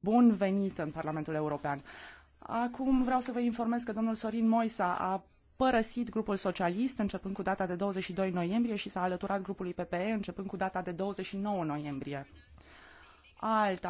bun venit în Parlamentul European. Acum vreau să vă informez că domnul Sorin Moisa a părăsit grupul socialist începând cu data de 22 noiembrie și s-a alăturat grupului PPE începând cu data de 29 noiembrie. Alta